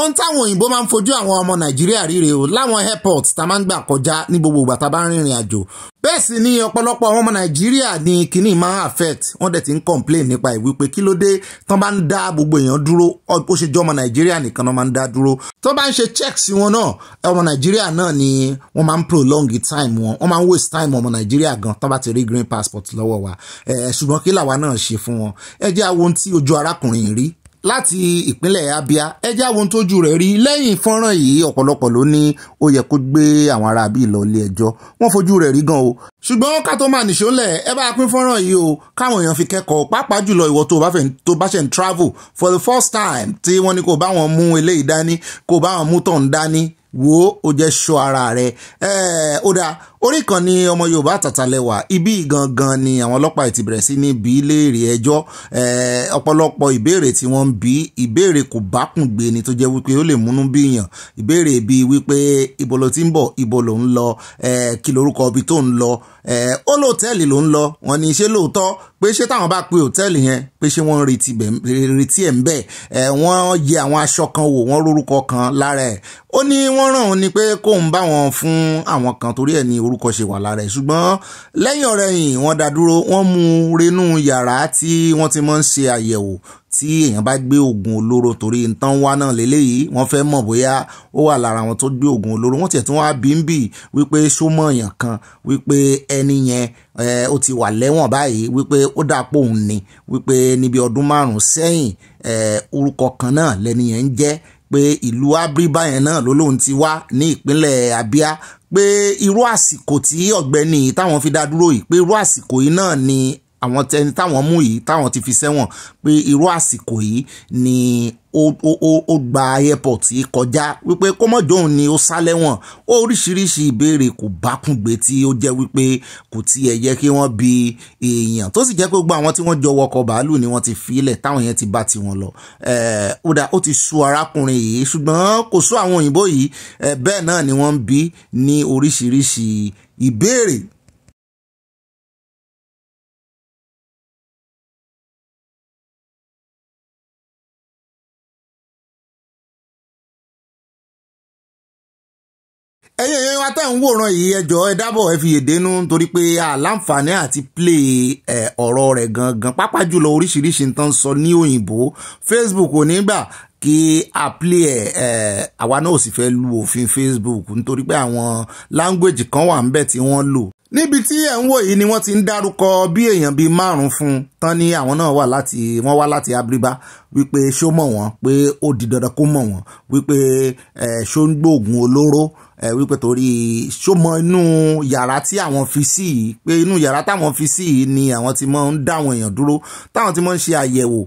ohun táwọn òyìnbó máa ń fojú àwọn ọmọ nàìjíríà ríre o láwọn airport tá a máa ń gbà kọjá ní gbogbo ìgbà tá a bá ń rìnrìn àjò bẹ́ẹ̀ sì ni ọ̀pọ̀lọpọ̀ àwọn ọmọ nàìjíríà ní kinní máa ń affect wọ́n dẹ̀ ti ń complain nípa ẹ̀ wípé kí ló dé tán bá ń dá gbogbo èèyàn dúró ó ṣe jọ ọmọ nàìjíríà nìkan náà máa ń dá dúró tó bá ń ṣe checks wọn náà ọmọ nàìjíríà náà ni wọ́n máa ń prolong time wọn wọ́n máa ń waste time ọmọ nàìjíríà gan tán bá ti rí green passport lọ́wọ́ wa ṣùgbọ́n kí làwa náà ṣe fún wọn ẹ jẹ́ àwọn ohun tí ojú arákùnrin rí láti ìpínlẹ̀ Abia ẹjẹ́ àwọn tójú rẹ̀ rí lẹ́yìn fọ́nrán yìí ọ̀pọ̀lọpọ̀ ló ní ó yẹ kó gbé àwọn ará bíi lọ ilé ẹjọ́ wọ́n fojú rẹ̀ rí gan o ṣùgbọ́n ká tó máa nìṣó lẹ̀ ẹ bá pín fọ́nrán yìí o káwọn èèyàn fi kẹ́kọ̀ọ́ pàápàá jùlọ ìwọ tó bá fẹ́ tó bá ṣe ń travel for the first time tí wọ́n ní kó bá wọn mú eléyìí dání kó bá wọn mú tọ̀hún dání wo ó jẹ́ ṣọ́ ara rẹ̀ ẹ̀ẹ́ ó dáa orí kan ní ọmọ Yorùbá àtàtà lẹ́wà ibí gangan ni àwọn ọlọ́pàá ti bẹ̀rẹ̀ sí ní bí léèrè ẹjọ́ ọ̀pọ̀lọpọ̀ ìbéèrè tí wọ́n ń bí ìbéèrè kò bá kùn gbé ni tó jẹ́ wípé ó lè múnú bíyàn ìbéèrè bíi wípé ibo ló ti ń bọ̀ ibo ló ń lọ kí lorúkọ ibi tó ń lọ ó lóòtẹ́ẹ̀lì ló ń lọ wọ́n ní ṣé lóòótọ́ pé ṣé táwọn bá pe òtẹ́ẹ̀lì yẹn pé ṣé wọ́n retí ẹ̀ ń bẹ̀ ẹ̀ wọ́n yẹ àwọn aṣọ kan wò wọ́n rórúkọ kan lára ẹ̀ ó ní wọ́n ràn òun ni pé kóun bá wọn fún àwọn kan torí ẹ̀ ní orúkọ ṣe wà lára ẹ̀ ṣùgbọ́n lẹ́yìn ọ̀rẹ́yìn wọ́n dá dúró wọ́n mú renú yàrá tí wọ́n ti máa ń ṣe àyẹ̀wò tí èèyàn bá gbé oògùn olóró torí nǹkan wá náà lélẹ́yìí wọ́n fẹ́ mọ̀ bóyá ó wà lára àwọn tó gbé oògùn olóró wọ́n tiẹ̀ tún wá bí ń bì wípé sómọ̀ èèyàn kan wípé ẹni yẹn ó ti wà lẹ́wọ̀n báyìí wípé ó dà pọ̀ òun ni wípé níbi ọdún márùn-ún sẹ́yìn orúkọ kan náà lẹ́ni yẹn ń jẹ́ pé ìlú abiriba yẹn náà ló lóun ti wá ní ìpínlẹ̀ Abia pé irú àsìkò tí ọ̀gbẹ́ni táwọn fi dá dúró yìí pé irú àsìkò yìí náà ni àwọn ẹni táwọn mú yìí táwọn ti fi sẹ́wọ̀n pé irú àsìkò yìí ni ó gba airport yìí kọjá wípé kọ́mọ́jọ́hún ni ó sá lẹ́wọ̀n oríṣiríṣi ìbéèrè kò bákùngbé tí ó jẹ́ wípé kò tiẹ̀ yẹ kí wọ́n bi èèyàn tó sì jẹ́ pé gbogbo àwọn tí wọ́n jọ wọkọ̀ bàálù ni wọ́n ti filẹ̀ táwọn yẹn ti bá tiwọn lọ ó dà ó ti sú arákùnrin yìí ṣùgbọ́n kò sú àwọn òyìnbó yìí bẹ́ẹ̀ náà ni wọ́n ń bi ní oríṣiríṣi ìbéèrè ẹ̀yin ẹ̀yin wa tẹ́ ń wòran yìí ẹjọ́ ẹ dábọ̀ ẹ fi yèdè nú torí pé àlàǹfààní àti play ẹ̀ ọ̀rọ̀ rẹ̀ gangan pápá jùlọ oríṣiríṣi nǹkan sọ ní òyìnbó Facebook ò ní gbà kí a play ẹ̀ ẹ̀ àwa náà ò sì fẹ́ lu òfin Facebook nítorí pé àwọn language kan wà ń bẹ̀ tí wọ́n lò níbi tí ẹ̀ ń wò yìí ni wọ́n ti ń dárúkọ bí èèyàn bíi márùn-ún fún un tán ní àwọn náà wà láti wọ́n wá láti Abiriba wípé ṣó mọ̀ wọ́n pé ó di dandan kó mọ̀ wọ́n wípé ṣó ń gbóògùn olóró wípé torí ṣó mọ inú yàrá tí àwọn fi sí i pé inú yàrá táwọn fi sí i ni àwọn ti mọ ń dáwọn èèyàn dúró táwọn ti mọ ń ṣe àyẹ̀wò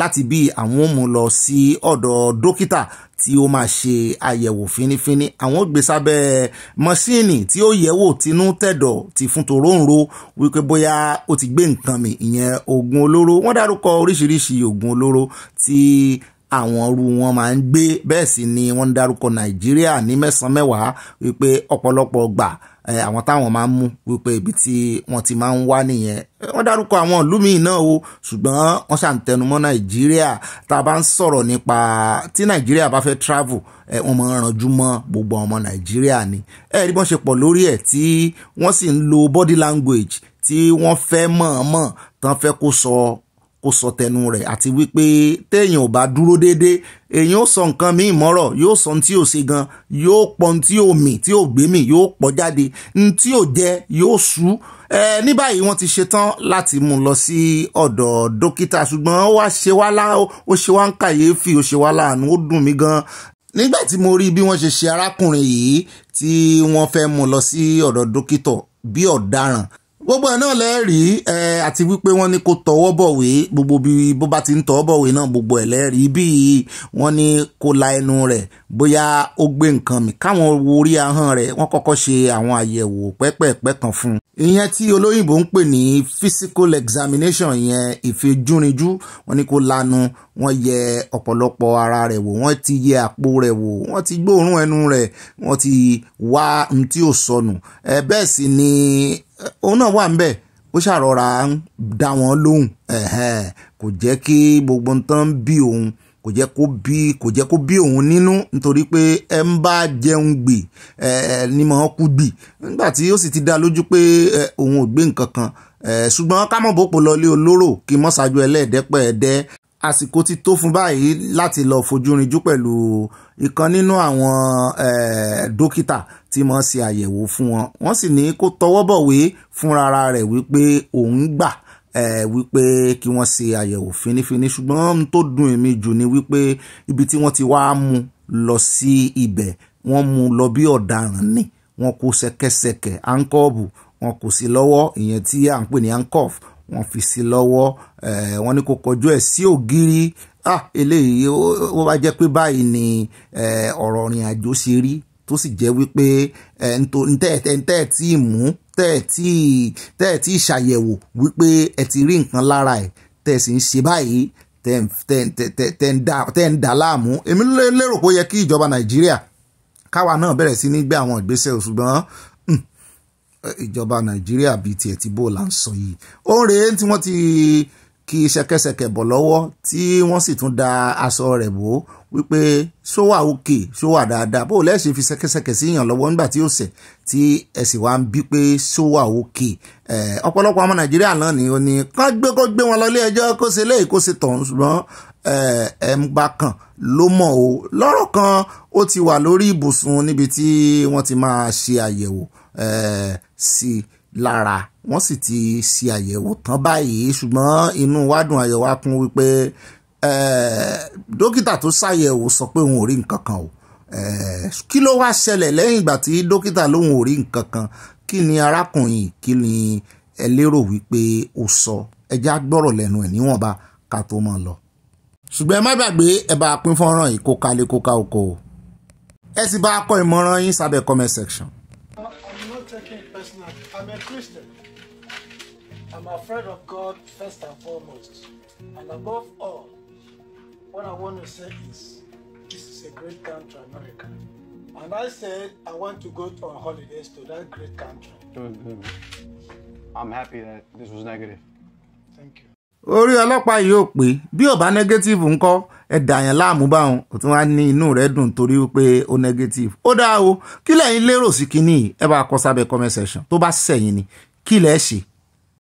láti bí àwọn ò mú lọ sí ọ̀dọ̀ dókítà tí ó máa ṣe àyẹ̀wò fínífíní àwọn ó gbé sábẹ́ mọ́ṣíìnì tí ó yẹ̀wò tinú tẹ̀dọ̀ ti fún tòróǹro wípé bóyá ó ti gbé nǹkan mi ìyẹn oògùn olóró wọ́n dárúkọ oríṣiríṣi oògùn olóró tí àwọn ọrú wọn máa ń gbé bẹ́ẹ̀ sì ni wọ́n dárúkọ nàìjíríà ní mẹ́sàn-án wípé ọ̀pọ̀lọpọ̀ gbà àwọn táwọn máa ń mú wípé ibi tí wọ́n ti máa ń wá nìyẹn wọ́n dárúkọ àwọn ìlú míì náà o ṣùgbọ́n wọ́n ṣàǹtẹnumọ́ nàìjíríà tá a bá ń sọ̀rọ̀ nípa tí nàìjíríà bá fẹ́ travel wọ́n máa ń ranjú mọ́ gbogbo ọmọ nàìjíríà ni ẹ rí bọ́n ṣe pọ̀ lórí ẹ̀ tí wọ́n sì ń lo body language tí wọ́n fẹ́ mọ̀ọ́mọ̀ tán fẹ́ kó sọ kó sọ tẹnu rẹ̀ àti wípé téèyàn ò bá dúró déédéé èyàn ó sọ nǹkan míì mọ́rọ̀ yóò sọ tí ò ṣe gan yóò pọ̀ tí ò mì tí ò gbé mì yóò pọ̀ jáde tí ò jẹ yóò sú ẹ ní báyìí wọ́n ti ṣetán láti mú un lọ sí ọ̀dọ̀ dókítà ṣùgbọ́n ó wá ṣe wá lá ó ṣe wá ń kàyéfì ó ṣe wá láàánú ó dùn mí gan nígbà tí mo rí bí wọ́n ṣe ṣe arákùnrin yìí tí wọ́n fẹ́ mú un lọ sí ọ̀dọ̀ dókítà bí ọ̀daràn gbogbo ẹ̀ náà lẹ́ẹ̀rí ẹ àti wípé wọ́n ní kó tọwọ́ bọ̀wé gbogbo bí bó bá ti ń tọwọ́ bọ̀wé náà gbogbo ẹ̀ lẹ́ẹ̀rí bíi wọ́n ní kó la ẹnu rẹ̀ bóyá ó gbé nǹkan mi káwọn wo orí ahọ́n rẹ̀ wọ́n kọ́kọ́ ṣe àwọn àyẹ̀wò pẹ́pẹ̀pẹ́ kan fún un. ìyẹn tí olóyìnbó ń pè ní physical examination yẹn ìfijúrinjú wọ́n ní kó lanu wọ́n yẹ ọ̀pọ̀lọpọ̀ ara rẹ̀ wò wọ́n ti yẹ àpò rẹ̀ wò wọ́n ti gbóòórùn ẹnu rẹ̀ wọ́n ti wá ohun tí ò sọnù ẹ bẹ́ẹ̀ sì ni òun náà wà ń bẹ̀ ó ṣàrọ̀ra dá wọn lóhùn kò jẹ́ kí gbogbo nǹkan bí òun kò jẹ́ kó bí kò jẹ́ kó bí òun nínú nítorí pé ẹ ń bá jẹun gbì ẹ ní mọ̀ ọ́ kú gbì nígbà tí ó sì ti dá lójú pé òun ò gbé nǹkan kan ṣùgbọ́n ká mọ̀ bó po lọ lé olóró kí mọ́ ẹlẹ́ẹ̀dẹ́pẹ́ ẹ̀dẹ́ àsìkò ti tó fún báyìí láti lọ fojú rinjú pẹ̀lú ìkan nínú àwọn dókítà tí mo ṣe àyẹ̀wò fún wọn wọ́n sì ní kó tọwọ́ bọ̀wé fúnra rẹ̀ wípé òun gbà wípé kí wọ́n ṣe àyẹ̀wò finifini ṣùgbọ́n tó dùn èmi jù ni wípé ibi tí wọ́n ti wá mú lọ sí ibẹ̀ wọ́n mú lọ bí ọ̀daràn ni wọ́n kó ṣẹ̀kẹ̀ṣẹ̀kẹ̀ ankọ́ọ̀bù wọ́n kò sí lọ́wọ́ ìyẹn tí à ń pè ní ankoff wọ́n fi sí lọ́wọ́ wọ́n ní kó kọjú ẹ̀ sí ògiri ah eléyìí ó bá jẹ́ pé báyìí ni ọ̀rọ̀ ìrìn àjò ṣe rí tó sì jẹ́ wípé ntẹ́ẹ̀tì mú tẹ́ ẹ̀ tí tẹ́ ẹ̀ tí ṣàyẹ̀wò wípé ẹ ti rí nǹkan lára ẹ̀ tẹ́ ẹ̀ sì ń ṣe báyìí tẹ́ ẹ̀ ń dà láàmú èmi lérò pé ó yẹ kí ìjọba nàìjíríà káwa náà bẹ̀rẹ̀ sí ní gbé àwọn ìgbésẹ̀ ṣùgbọ́n hmm, ìjọba nàìjíríà bíi tiẹ̀ ti bó la ń sọ yìí ó ń rèé tí wọ́n ti kí ṣẹ̀kẹ̀ṣẹ̀kẹ̀ bọ̀ lọ́wọ́ tí wọ́n sì tún da aṣọ rẹ̀ bò ó wípé ṣówà òkè ṣówà dáadáa bó lẹ́ẹ̀ ṣe fi ṣẹ̀kẹ̀ṣẹ̀kẹ̀ sí èèyàn lọ́wọ́ nígbà tí ó ṣẹ̀ tí ẹ sì wá ń bí pé ṣówà òkè ọ̀pọ̀lọpọ̀ ọmọ nàìjíríà náà ni ó ní kán gbé kó gbé wọn lọ ilé ẹjọ́ kó ṣe léyìí kó ṣe tọ̀hún ṣùgbọ́n ẹ̀ǹgbà kan ló mọ̀ o lọ́rọ̀ kan ó ti wà lórí ibùsùn níbi tí wọ́n ti máa ṣe àyẹ̀wò sí lára wọ́n sì ti ṣe àyẹ̀wò tán báyìí ṣùgbọ́n inú wádùn ayọ̀ wa kún wípé dókítà tó ṣàyẹ̀wò sọ pé òun ò rí nǹkan kan o kí ló wá ṣẹlẹ̀ lẹ́yìn ìgbà tí dókítà lóun ò rí nǹkan kan kí ni arákùnrin kí ni ẹ lérò wípé o sọ ẹjá gbọ́rọ̀ lẹ́nu ẹ̀ níwọ̀nba ká tó máa lọ. ṣùgbọ́n ẹ má gbàgbé ẹ bá a pín fọ́nrán yìí kó kalẹ̀ kó ká oko o ẹ sì bá a kọ ìmọ̀ràn yín sábẹ́ comment section. I'm not taking it personal. I'm a Christian. I'm afraid of God first and foremost. And above all, what I want to say is, this is a great country, America. And I said I want to go on holidays to that great country. I'm happy that this was negative. Thank you. orí ọlọ́pàá yìí ò pé bí ò negative ńkọ́ ẹ dàyàn láàmú báwọn ò tún wá ní inú rẹ dùn torí pé ó negative ó dáa o kí lẹ́yìn lérò sí kínní ẹ bá kọ sábẹ́ comment section tó bá sẹ̀yìn ni kí lẹ́ ṣe